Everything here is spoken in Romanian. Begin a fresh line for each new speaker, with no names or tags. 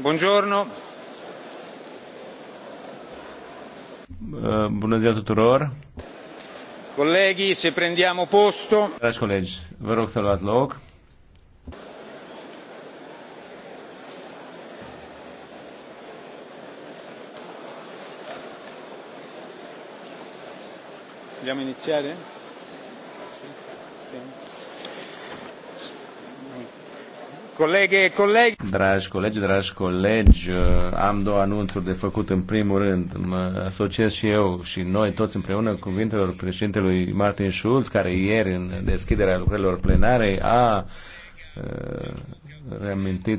Buongiorno.
Eh, bună ziua tuturor.
Colleghi, se prendiamo posto.
Dragi colegi, vă rog să luați loc.
Vogliamo iniziare?
Sì
colegi. Dragi
colegi, dragi colegi, uh, am două anunțuri de făcut. În primul rând, mă asociez și eu și noi toți împreună cuvintelor președintelui Martin Schulz, care ieri, în deschiderea lucrărilor plenare, a uh, reamintit